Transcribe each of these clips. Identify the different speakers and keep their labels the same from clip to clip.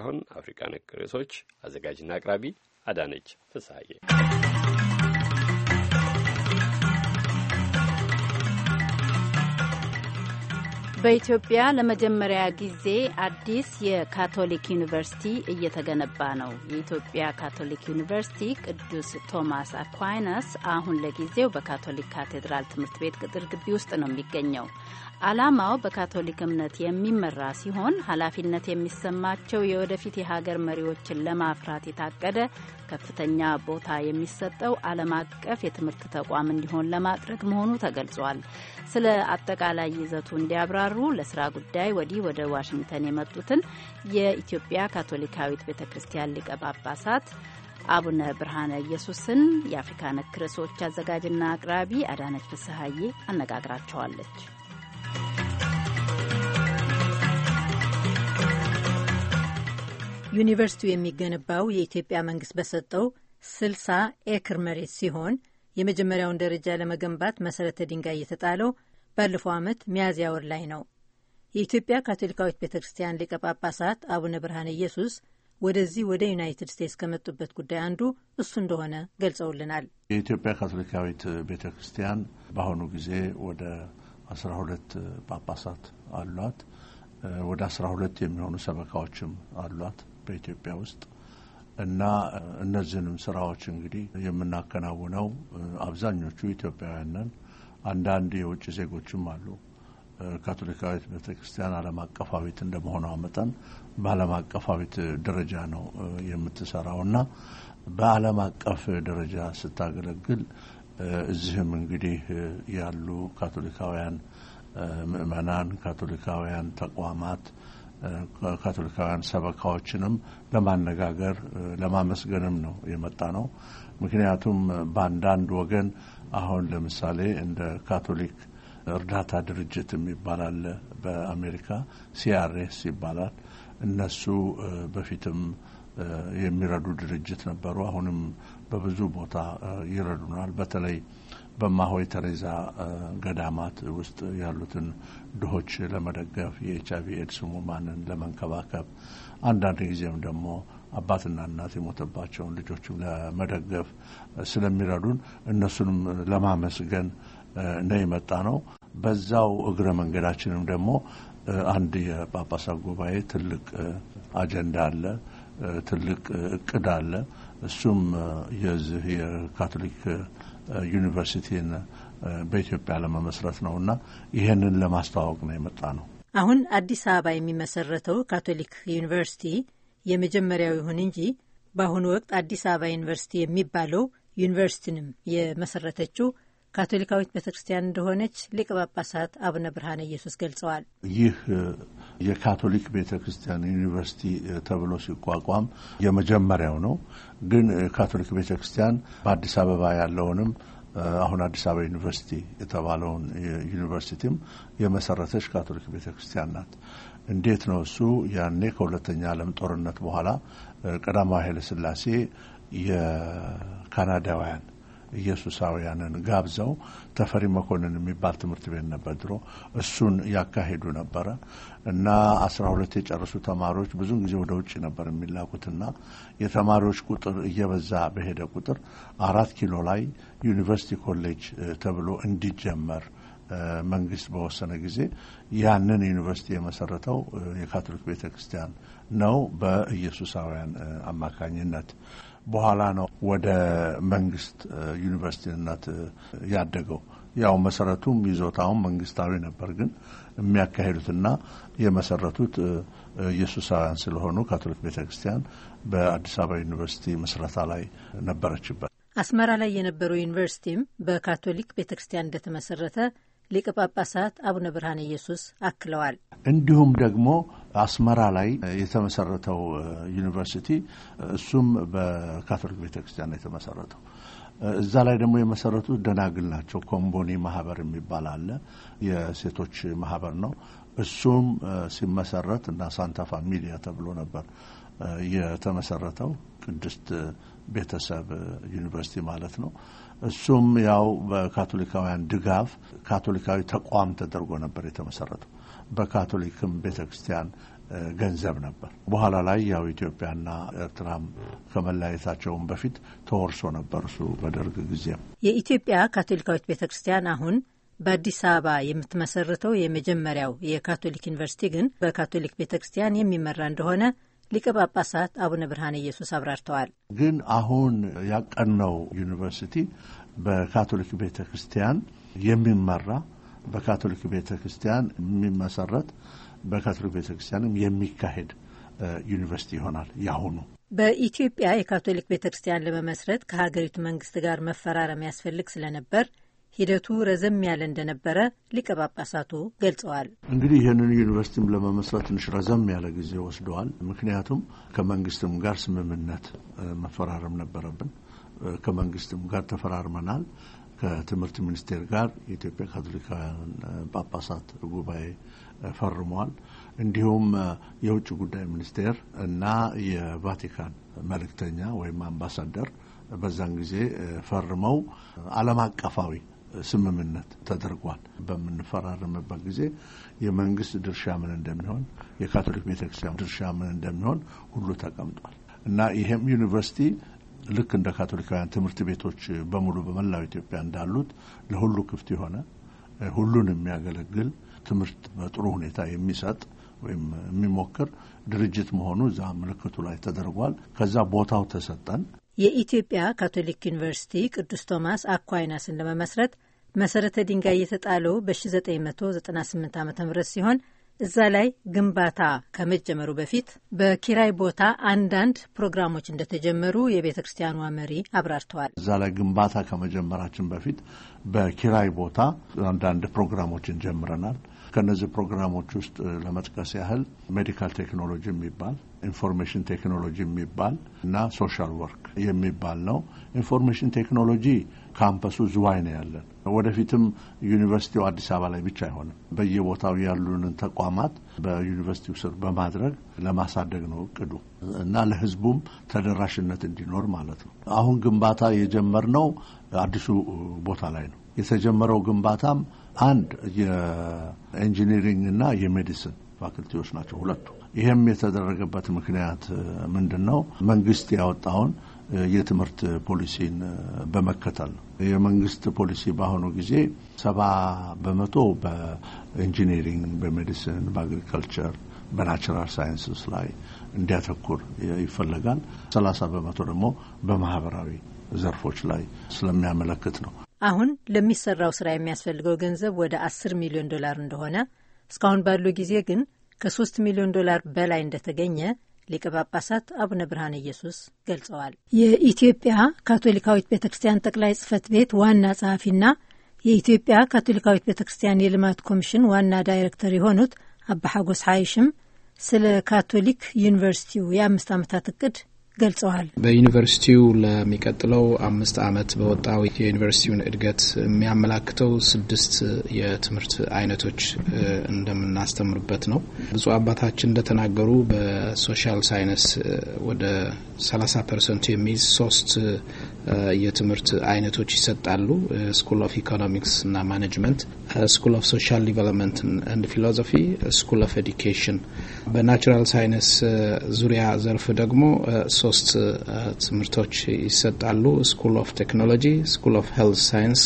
Speaker 1: አሁን አፍሪካ ነክ ርዕሶች አዘጋጅና አቅራቢ አዳነች ፍስሐዬ።
Speaker 2: በኢትዮጵያ ለመጀመሪያ ጊዜ አዲስ የካቶሊክ ዩኒቨርሲቲ እየተገነባ ነው። የኢትዮጵያ ካቶሊክ ዩኒቨርሲቲ ቅዱስ ቶማስ አኳይነስ አሁን ለጊዜው በካቶሊክ ካቴድራል ትምህርት ቤት ቅጥር ግቢ ውስጥ ነው የሚገኘው። ዓላማው በካቶሊክ እምነት የሚመራ ሲሆን ኃላፊነት የሚሰማቸው የወደፊት የሀገር መሪዎችን ለማፍራት የታቀደ ከፍተኛ ቦታ የሚሰጠው ዓለም አቀፍ የትምህርት ተቋም እንዲሆን ለማድረግ መሆኑ ተገልጿል። ስለ አጠቃላይ ይዘቱ እንዲያብራሩ ለስራ ጉዳይ ወዲህ ወደ ዋሽንግተን የመጡትን የኢትዮጵያ ካቶሊካዊት ቤተ ክርስቲያን ሊቀ ጳጳሳት አቡነ ብርሃነ ኢየሱስን የአፍሪካ ነክ ርዕሶች አዘጋጅና አቅራቢ አዳነች ፍስሀዬ አነጋግራቸዋለች። ዩኒቨርሲቲው የሚገነባው የኢትዮጵያ መንግስት በሰጠው 60 ኤክር መሬት ሲሆን የመጀመሪያውን ደረጃ ለመገንባት መሰረተ ድንጋይ የተጣለው ባለፈው ዓመት ሚያዝያ ወር ላይ ነው። የኢትዮጵያ ካቶሊካዊት ቤተ ክርስቲያን ሊቀ ጳጳሳት አቡነ ብርሃነ ኢየሱስ ወደዚህ ወደ ዩናይትድ ስቴትስ ከመጡበት ጉዳይ አንዱ እሱ እንደሆነ ገልጸውልናል።
Speaker 1: የኢትዮጵያ ካቶሊካዊት ቤተ ክርስቲያን በአሁኑ ጊዜ ወደ አስራ ሁለት ጳጳሳት አሏት። ወደ አስራ ሁለት የሚሆኑ ሰበካዎችም አሏት። በኢትዮጵያ ውስጥ እና እነዚህንም ስራዎች እንግዲህ የምናከናውነው አብዛኞቹ ኢትዮጵያውያንን አንዳንድ የውጭ ዜጎችም አሉ። ካቶሊካዊት ክርስቲያን ዓለም አቀፋዊት እንደመሆኗ መጠን በዓለም አቀፋዊት ደረጃ ነው የምትሰራው እና በዓለም አቀፍ ደረጃ ስታገለግል እዚህም እንግዲህ ያሉ ካቶሊካውያን ምእመናን፣ ካቶሊካውያን ተቋማት ካቶሊካውያን ሰበካዎችንም ለማነጋገር ለማመስገንም ነው የመጣ ነው። ምክንያቱም በአንዳንድ ወገን አሁን ለምሳሌ እንደ ካቶሊክ እርዳታ ድርጅት የሚባል አለ በአሜሪካ ሲአርኤስ ይባላል። እነሱ በፊትም የሚረዱ ድርጅት ነበሩ። አሁንም በብዙ ቦታ ይረዱናል። በተለይ በማሆይ ተሬዛ ገዳማት ውስጥ ያሉትን ድሆች ለመደገፍ የኤች አይቪ ኤድስ ህሙማንን ለመንከባከብ አንዳንድ ጊዜም ደግሞ አባትና እናት የሞተባቸውን ልጆችም ለመደገፍ ስለሚረዱን እነሱንም ለማመስገን ነው የመጣ ነው። በዛው እግረ መንገዳችንም ደግሞ አንድ የጳጳሳት ጉባኤ ትልቅ አጀንዳ አለ፣ ትልቅ እቅድ አለ። እሱም የዚህ የካቶሊክ ዩኒቨርሲቲን በኢትዮጵያ ለመመስረት ነው እና ይህንን ለማስተዋወቅ ነው የመጣ ነው።
Speaker 2: አሁን አዲስ አበባ የሚመሰረተው ካቶሊክ ዩኒቨርሲቲ የመጀመሪያው ይሁን እንጂ በአሁኑ ወቅት አዲስ አበባ ዩኒቨርሲቲ የሚባለው ዩኒቨርሲቲንም የመሰረተችው ካቶሊካዊት ቤተ ክርስቲያን እንደሆነች ሊቀ ጳጳሳት አቡነ ብርሃነ ኢየሱስ ገልጸዋል።
Speaker 1: ይህ የካቶሊክ ቤተ ክርስቲያን ዩኒቨርሲቲ ተብሎ ሲቋቋም የመጀመሪያው ነው። ግን ካቶሊክ ቤተ ክርስቲያን በአዲስ አበባ ያለውንም አሁን አዲስ አበባ ዩኒቨርሲቲ የተባለውን ዩኒቨርሲቲም የመሰረተች ካቶሊክ ቤተ ክርስቲያን ናት። እንዴት ነው እሱ? ያኔ ከሁለተኛ ዓለም ጦርነት በኋላ ቀዳማዊ ኃይለ ሥላሴ የካናዳውያን ኢየሱሳውያንን ጋብዘው ተፈሪ መኮንን የሚባል ትምህርት ቤት ነበር ድሮ። እሱን ያካሄዱ ነበረ እና አስራ ሁለት የጨረሱ ተማሪዎች ብዙን ጊዜ ወደ ውጭ ነበር የሚላኩትና የተማሪዎች ቁጥር እየበዛ በሄደ ቁጥር አራት ኪሎ ላይ ዩኒቨርሲቲ ኮሌጅ ተብሎ እንዲጀመር መንግስት በወሰነ ጊዜ ያንን ዩኒቨርሲቲ የመሰረተው የካቶሊክ ቤተ ክርስቲያን ነው በኢየሱሳውያን አማካኝነት። በኋላ ነው ወደ መንግስት ዩኒቨርሲቲነት ያደገው። ያው መሰረቱም ይዞታውን መንግስታዊ ነበር፣ ግን የሚያካሂዱትና የመሰረቱት ኢየሱሳውያን ስለሆኑ ካቶሊክ ቤተ ክርስቲያን በአዲስ አበባ ዩኒቨርሲቲ ምስረታ ላይ ነበረችበት።
Speaker 2: አስመራ ላይ የነበረው ዩኒቨርሲቲም በካቶሊክ ቤተ ክርስቲያን እንደተመሰረተ ሊቀ ጳጳሳት አቡነ ብርሃነ ኢየሱስ አክለዋል።
Speaker 1: እንዲሁም ደግሞ አስመራ ላይ የተመሰረተው ዩኒቨርሲቲ እሱም በካቶሊክ ቤተክርስቲያን ነው የተመሰረተው። እዛ ላይ ደግሞ የመሰረቱት ደናግል ናቸው። ኮምቦኒ ማህበር የሚባል አለ፣ የሴቶች ማህበር ነው። እሱም ሲመሰረት እና ሳንታ ፋሚሊያ ተብሎ ነበር የተመሰረተው ቅድስት ቤተሰብ ዩኒቨርሲቲ ማለት ነው። እሱም ያው በካቶሊካውያን ድጋፍ ካቶሊካዊ ተቋም ተደርጎ ነበር የተመሰረተው። በካቶሊክም ቤተ ክርስቲያን ገንዘብ ነበር። በኋላ ላይ ያው ኢትዮጵያና ኤርትራም ከመለያየታቸውም በፊት ተወርሶ ነበር እሱ በደርግ ጊዜም።
Speaker 2: የኢትዮጵያ ካቶሊካዊት ቤተ ክርስቲያን አሁን በአዲስ አበባ የምትመሰርተው የመጀመሪያው የካቶሊክ ዩኒቨርሲቲ ግን በካቶሊክ ቤተ ክርስቲያን የሚመራ እንደሆነ ሊቀ ጳጳሳት አቡነ ብርሃነ ኢየሱስ አብራርተዋል።
Speaker 1: ግን አሁን ያቀነው ዩኒቨርሲቲ በካቶሊክ ቤተ ክርስቲያን የሚመራ በካቶሊክ ቤተ ክርስቲያን የሚመሰረት በካቶሊክ ቤተ ክርስቲያንም የሚካሄድ ዩኒቨርሲቲ ይሆናል ያሁኑ።
Speaker 2: በኢትዮጵያ የካቶሊክ ቤተ ክርስቲያን ለመመስረት ከሀገሪቱ መንግስት ጋር መፈራረም ያስፈልግ ስለነበር ሂደቱ ረዘም ያለ እንደነበረ ሊቀ ጳጳሳቱ ገልጸዋል።
Speaker 1: እንግዲህ ይህንን ዩኒቨርሲቲም ለመመስረት ትንሽ ረዘም ያለ ጊዜ ወስደዋል። ምክንያቱም ከመንግስትም ጋር ስምምነት መፈራረም ነበረብን። ከመንግስትም ጋር ተፈራርመናል። ከትምህርት ሚኒስቴር ጋር የኢትዮጵያ ካቶሊካውያን ጳጳሳት ጉባኤ ፈርሟል። እንዲሁም የውጭ ጉዳይ ሚኒስቴር እና የቫቲካን መልእክተኛ ወይም አምባሳደር በዛን ጊዜ ፈርመው ዓለም አቀፋዊ ስምምነት ተደርጓል። በምንፈራረምበት ጊዜ የመንግስት ድርሻ ምን እንደሚሆን፣ የካቶሊክ ቤተክርስቲያን ድርሻ ምን እንደሚሆን ሁሉ ተቀምጧል እና ይሄም ዩኒቨርሲቲ ልክ እንደ ካቶሊካውያን ትምህርት ቤቶች በሙሉ በመላው ኢትዮጵያ እንዳሉት ለሁሉ ክፍት የሆነ ሁሉን የሚያገለግል ትምህርት በጥሩ ሁኔታ የሚሰጥ ወይም የሚሞክር ድርጅት መሆኑ እዛ ምልክቱ ላይ ተደርጓል። ከዛ ቦታው ተሰጠን።
Speaker 2: የኢትዮጵያ ካቶሊክ ዩኒቨርሲቲ ቅዱስ ቶማስ አኳይናስን ለመመስረት መሰረተ ድንጋይ የተጣለው በ1998 ዓ ም ሲሆን እዛ ላይ ግንባታ ከመጀመሩ በፊት በኪራይ ቦታ አንዳንድ ፕሮግራሞች እንደተጀመሩ የቤተ ክርስቲያኗ መሪ አብራርተዋል።
Speaker 1: እዛ ላይ ግንባታ ከመጀመራችን በፊት በኪራይ ቦታ አንዳንድ ፕሮግራሞችን ጀምረናል። ከነዚህ ፕሮግራሞች ውስጥ ለመጥቀስ ያህል ሜዲካል ቴክኖሎጂ የሚባል ኢንፎርሜሽን ቴክኖሎጂ የሚባል እና ሶሻል ወርክ የሚባል ነው። ኢንፎርሜሽን ቴክኖሎጂ ካምፐሱ ዝዋይ ነው ያለን። ወደፊትም ዩኒቨርሲቲው አዲስ አበባ ላይ ብቻ አይሆንም። በየቦታው ያሉንን ተቋማት በዩኒቨርሲቲው ስር በማድረግ ለማሳደግ ነው እቅዱ እና ለሕዝቡም ተደራሽነት እንዲኖር ማለት ነው። አሁን ግንባታ የጀመርነው አዲሱ ቦታ ላይ ነው። የተጀመረው ግንባታም አንድ የኢንጂኒሪንግ እና የሜዲሲን ፋክልቲዎች ናቸው ሁለቱ። ይህም የተደረገበት ምክንያት ምንድን ነው? መንግስት ያወጣውን የትምህርት ፖሊሲን በመከተል ነው። የመንግስት ፖሊሲ በአሁኑ ጊዜ ሰባ በመቶ በኢንጂኒሪንግ፣ በሜዲሲን፣ በአግሪካልቸር፣ በናቹራል ሳይንስስ ላይ እንዲያተኩር ይፈለጋል። ሰላሳ በመቶ ደግሞ በማህበራዊ ዘርፎች ላይ ስለሚያመለክት ነው
Speaker 2: አሁን ለሚሰራው ስራ የሚያስፈልገው ገንዘብ ወደ አስር ሚሊዮን ዶላር እንደሆነ እስካሁን ባለው ጊዜ ግን ከሶስት ሚሊዮን ዶላር በላይ እንደተገኘ ሊቀ ጳጳሳት አቡነ ብርሃነ ኢየሱስ ገልጸዋል። የኢትዮጵያ ካቶሊካዊት ቤተ ክርስቲያን ጠቅላይ ጽህፈት ቤት ዋና ጸሐፊና የኢትዮጵያ ካቶሊካዊት ቤተ ክርስቲያን የልማት ኮሚሽን ዋና ዳይሬክተር የሆኑት አባ ሐጎስ ሐይሽም ስለ ካቶሊክ ዩኒቨርሲቲው የአምስት ዓመታት እቅድ ገልጸዋል። በዩኒቨርሲቲው ለሚቀጥለው አምስት ዓመት በወጣው
Speaker 1: የዩኒቨርሲቲውን እድገት የሚያመላክተው ስድስት የትምህርት አይነቶች እንደምናስተምርበት ነው። ብፁዕ አባታችን እንደተናገሩ በሶሻል ሳይንስ ወደ 30 ፐርሰንቱ የሚይዝ ሶስት የትምህርት አይነቶች ይሰጣሉ። ስኩል ኦፍ ኢኮኖሚክስ እና ማኔጅመንት፣ ስኩል ኦፍ ሶሻል ዲቨሎፕመንት አንድ ፊሎሶፊ፣ ስኩል ኦፍ ኤዱኬሽን። በናቹራል ሳይንስ ዙሪያ ዘርፍ ደግሞ uh, ሶስት uh, ትምህርቶች ይሰጣሉ። ስኩል ኦፍ ቴክኖሎጂ፣ ስኩል ኦፍ ሄልት ሳይንስ፣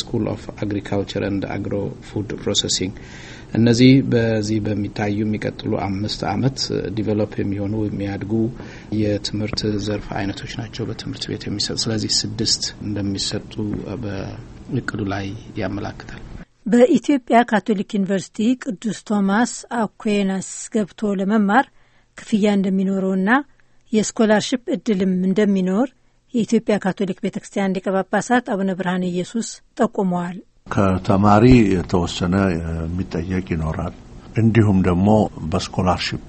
Speaker 1: ስኩል ኦፍ አግሪካልቸር አንድ አግሮ ፉድ ፕሮሰሲንግ እነዚህ በዚህ በሚታዩ የሚቀጥሉ አምስት አመት ዲቨሎፕ የሚሆኑ የሚያድጉ የትምህርት ዘርፍ አይነቶች ናቸው በትምህርት ቤት የሚሰጡ። ስለዚህ ስድስት እንደሚሰጡ በእቅዱ ላይ ያመላክታል።
Speaker 2: በኢትዮጵያ ካቶሊክ ዩኒቨርሲቲ ቅዱስ ቶማስ አኩናስ ገብቶ ለመማር ክፍያ እንደሚኖረውና የስኮላርሽፕ እድልም እንደሚኖር የኢትዮጵያ ካቶሊክ ቤተ ክርስቲያን ሊቀ ጳጳሳት አቡነ ብርሃነ ኢየሱስ ጠቁመዋል።
Speaker 1: ከተማሪ የተወሰነ የሚጠየቅ ይኖራል። እንዲሁም ደግሞ በስኮላርሽፕ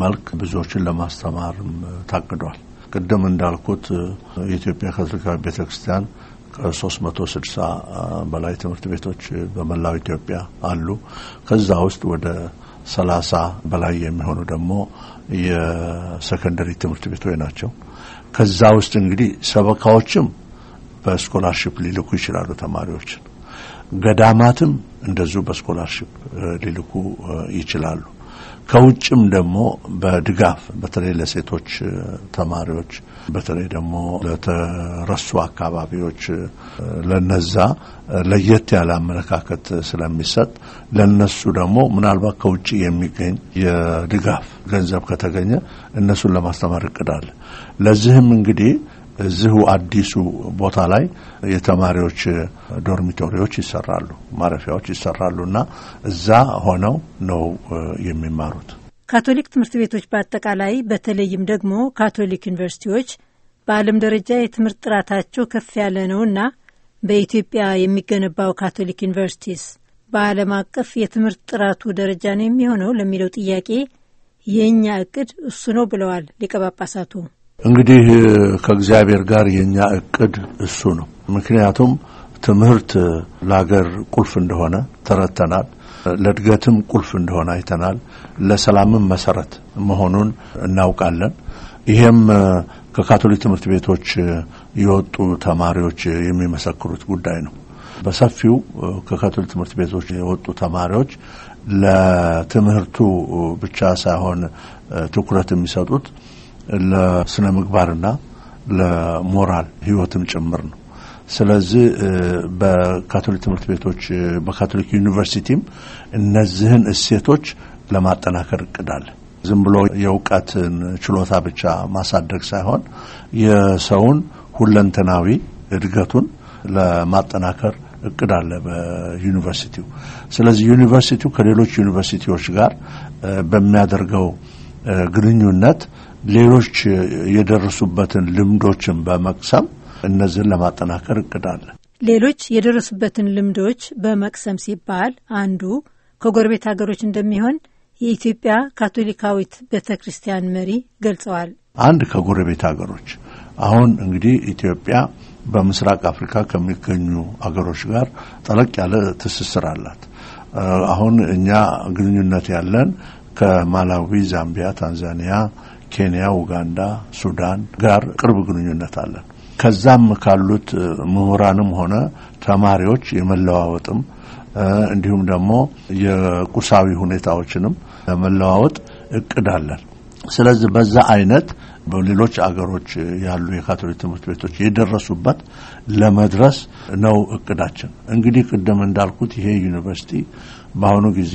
Speaker 1: መልክ ብዙዎችን ለማስተማር ታቅዷል። ቅድም እንዳልኩት የኢትዮጵያ ካቶሊካዊ ቤተ ክርስቲያን ከ ስድሳ በላይ ትምህርት ቤቶች በመላው ኢትዮጵያ አሉ። ከዛ ውስጥ ወደ 30 በላይ የሚሆኑ ደግሞ የሰከንደሪ ትምህርት ቤቶች ናቸው። ከዛ ውስጥ እንግዲህ ሰበካዎችም በስኮላርሽፕ ሊልኩ ይችላሉ ተማሪዎችን ገዳማትም እንደዚሁ በስኮላርሽፕ ሊልኩ ይችላሉ። ከውጭም ደግሞ በድጋፍ በተለይ ለሴቶች ተማሪዎች በተለይ ደግሞ ለተረሱ አካባቢዎች ለነዛ ለየት ያለ አመለካከት ስለሚሰጥ ለነሱ ደግሞ ምናልባት ከውጭ የሚገኝ የድጋፍ ገንዘብ ከተገኘ እነሱን ለማስተማር እቅዳለ። ለዚህም እንግዲህ እዚሁ አዲሱ ቦታ ላይ የተማሪዎች ዶርሚቶሪዎች ይሰራሉ፣ ማረፊያዎች ይሰራሉ እና እዛ ሆነው ነው የሚማሩት።
Speaker 2: ካቶሊክ ትምህርት ቤቶች በአጠቃላይ በተለይም ደግሞ ካቶሊክ ዩኒቨርሲቲዎች በዓለም ደረጃ የትምህርት ጥራታቸው ከፍ ያለ ነውና በኢትዮጵያ የሚገነባው ካቶሊክ ዩኒቨርሲቲስ በዓለም አቀፍ የትምህርት ጥራቱ ደረጃ ነው የሚሆነው ለሚለው ጥያቄ የእኛ እቅድ እሱ ነው ብለዋል ሊቀ ጳጳሳቱ።
Speaker 1: እንግዲህ ከእግዚአብሔር ጋር የእኛ እቅድ እሱ ነው። ምክንያቱም ትምህርት ለሀገር ቁልፍ እንደሆነ ተረድተናል። ለእድገትም ቁልፍ እንደሆነ አይተናል። ለሰላምም መሰረት መሆኑን እናውቃለን። ይሄም ከካቶሊክ ትምህርት ቤቶች የወጡ ተማሪዎች የሚመሰክሩት ጉዳይ ነው። በሰፊው ከካቶሊክ ትምህርት ቤቶች የወጡ ተማሪዎች ለትምህርቱ ብቻ ሳይሆን ትኩረት የሚሰጡት ለስነ ምግባርና ለሞራል ህይወትም ጭምር ነው። ስለዚህ በካቶሊክ ትምህርት ቤቶች በካቶሊክ ዩኒቨርሲቲም እነዚህን እሴቶች ለማጠናከር እቅዳል። ዝም ብሎ የእውቀትን ችሎታ ብቻ ማሳደግ ሳይሆን የሰውን ሁለንተናዊ እድገቱን ለማጠናከር እቅድ አለ በዩኒቨርሲቲው። ስለዚህ ዩኒቨርሲቲው ከሌሎች ዩኒቨርሲቲዎች ጋር በሚያደርገው ግንኙነት ሌሎች የደረሱበትን ልምዶችን በመቅሰም እነዚህን ለማጠናከር እቅዳለን።
Speaker 2: ሌሎች የደረሱበትን ልምዶች በመቅሰም ሲባል አንዱ ከጎረቤት ሀገሮች እንደሚሆን የኢትዮጵያ ካቶሊካዊት ቤተ ክርስቲያን መሪ ገልጸዋል።
Speaker 1: አንድ ከጎረቤት ሀገሮች አሁን እንግዲህ ኢትዮጵያ በምስራቅ አፍሪካ ከሚገኙ ሀገሮች ጋር ጠለቅ ያለ ትስስር አላት። አሁን እኛ ግንኙነት ያለን ከማላዊ፣ ዛምቢያ፣ ታንዛኒያ ኬንያ፣ ኡጋንዳ፣ ሱዳን ጋር ቅርብ ግንኙነት አለን። ከዛም ካሉት ምሁራንም ሆነ ተማሪዎች የመለዋወጥም እንዲሁም ደግሞ የቁሳዊ ሁኔታዎችንም ለመለዋወጥ እቅድ አለን። ስለዚህ በዛ አይነት በሌሎች አገሮች ያሉ የካቶሊክ ትምህርት ቤቶች የደረሱበት ለመድረስ ነው እቅዳችን። እንግዲህ ቅድም እንዳልኩት ይሄ ዩኒቨርሲቲ በአሁኑ ጊዜ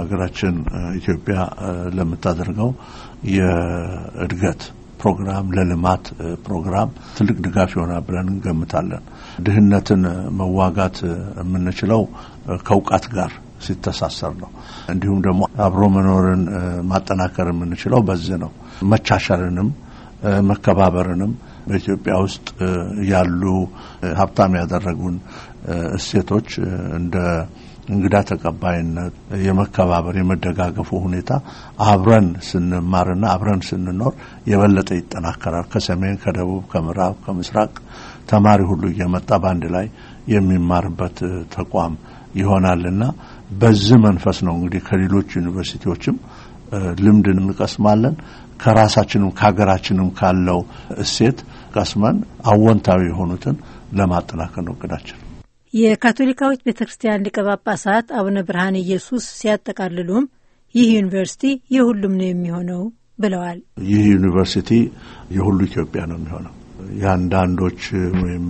Speaker 1: አገራችን ኢትዮጵያ ለምታደርገው የእድገት ፕሮግራም ለልማት ፕሮግራም ትልቅ ድጋፍ ይሆናል ብለን እንገምታለን። ድህነትን መዋጋት የምንችለው ከእውቀት ጋር ሲተሳሰር ነው። እንዲሁም ደግሞ አብሮ መኖርን ማጠናከር የምንችለው በዚህ ነው። መቻቻልንም መከባበርንም በኢትዮጵያ ውስጥ ያሉ ሀብታም ያደረጉን እሴቶች እንደ እንግዳ ተቀባይነት፣ የመከባበር፣ የመደጋገፉ ሁኔታ አብረን ስንማርና አብረን ስንኖር የበለጠ ይጠናከራል። ከሰሜን፣ ከደቡብ፣ ከምዕራብ፣ ከምስራቅ ተማሪ ሁሉ እየመጣ በአንድ ላይ የሚማርበት ተቋም ይሆናልና በዚህ መንፈስ ነው እንግዲህ ከሌሎች ዩኒቨርሲቲዎችም ልምድ እንቀስማለን። ከራሳችንም ከሀገራችንም ካለው እሴት ቀስመን አወንታዊ የሆኑትን ለማጠናከር ነው እቅዳችን።
Speaker 2: የካቶሊካዊት ቤተ ክርስቲያን ሊቀ ጳጳሳት አቡነ ብርሃነ ኢየሱስ ሲያጠቃልሉም ይህ ዩኒቨርሲቲ የሁሉም ነው የሚሆነው ብለዋል።
Speaker 1: ይህ ዩኒቨርሲቲ የሁሉ ኢትዮጵያ ነው የሚሆነው። የአንዳንዶች ወይም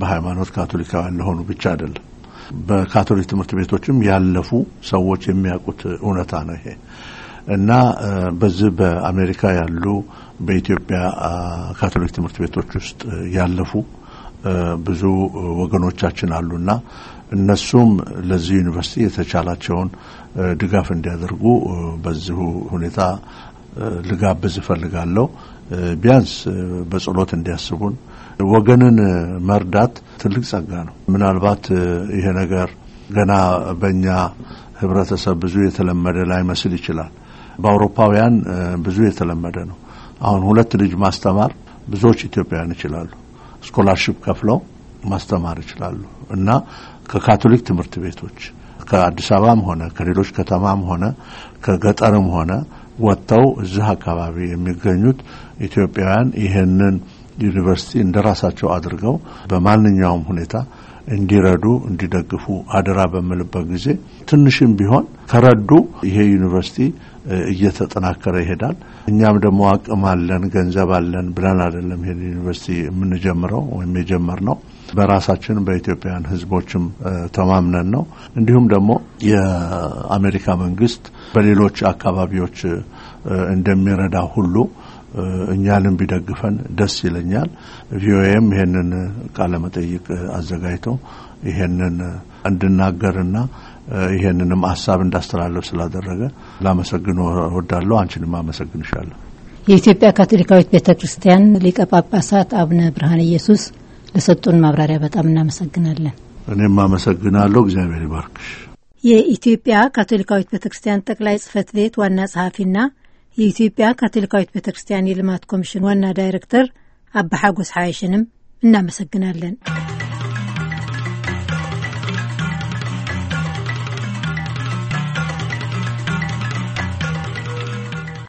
Speaker 1: በሃይማኖት ካቶሊካውያን ለሆኑ ብቻ አይደለም። በካቶሊክ ትምህርት ቤቶችም ያለፉ ሰዎች የሚያውቁት እውነታ ነው ይሄ እና በዚህ በአሜሪካ ያሉ በኢትዮጵያ ካቶሊክ ትምህርት ቤቶች ውስጥ ያለፉ ብዙ ወገኖቻችን አሉና እነሱም ለዚህ ዩኒቨርሲቲ የተቻላቸውን ድጋፍ እንዲያደርጉ በዚሁ ሁኔታ ልጋብዝ እፈልጋለሁ። ቢያንስ በጸሎት እንዲያስቡን። ወገንን መርዳት ትልቅ ጸጋ ነው። ምናልባት ይሄ ነገር ገና በእኛ ህብረተሰብ ብዙ የተለመደ ላይመስል ይችላል። በአውሮፓውያን ብዙ የተለመደ ነው። አሁን ሁለት ልጅ ማስተማር ብዙዎች ኢትዮጵያውያን ይችላሉ። ስኮላርሽፕ ከፍለው ማስተማር ይችላሉ እና ከካቶሊክ ትምህርት ቤቶች ከአዲስ አበባም ሆነ ከሌሎች ከተማም ሆነ ከገጠርም ሆነ ወጥተው እዚህ አካባቢ የሚገኙት ኢትዮጵያውያን ይህንን ዩኒቨርሲቲ እንደራሳቸው አድርገው በማንኛውም ሁኔታ እንዲረዱ እንዲደግፉ አደራ በምልበት ጊዜ ትንሽም ቢሆን ከረዱ ይሄ ዩኒቨርሲቲ እየተጠናከረ ይሄዳል። እኛም ደግሞ አቅም አለን ገንዘብ አለን ብለን አይደለም ይሄ ዩኒቨርሲቲ የምንጀምረው ወይም ነው በራሳችን በኢትዮጵያውያን ሕዝቦችም ተማምነን ነው። እንዲሁም ደግሞ የአሜሪካ መንግስት በሌሎች አካባቢዎች እንደሚረዳ ሁሉ እኛንም ቢደግፈን ደስ ይለኛል። ቪኦኤም ይሄንን ቃለ መጠይቅ አዘጋጅቶ ይሄንን እንድናገርና ይሄንንም ሀሳብ እንዳስተላለፍ ስላደረገ ላመሰግን ወዳለሁ። አንቺንም አመሰግንሻለሁ።
Speaker 2: የኢትዮጵያ ካቶሊካዊት ቤተ ክርስቲያን ሊቀ ጳጳሳት አቡነ ብርሃነ ኢየሱስ ለሰጡን ማብራሪያ በጣም እናመሰግናለን።
Speaker 1: እኔም አመሰግናለሁ። እግዚአብሔር ይባርክሽ።
Speaker 2: የኢትዮጵያ ካቶሊካዊት ቤተ ክርስቲያን ጠቅላይ ጽህፈት ቤት ዋና ጸሐፊና የኢትዮጵያ ካቶሊካዊት ቤተ ክርስቲያን የልማት ኮሚሽን ዋና ዳይሬክተር አባ ሐጎስ ሓይሽንም እናመሰግናለን።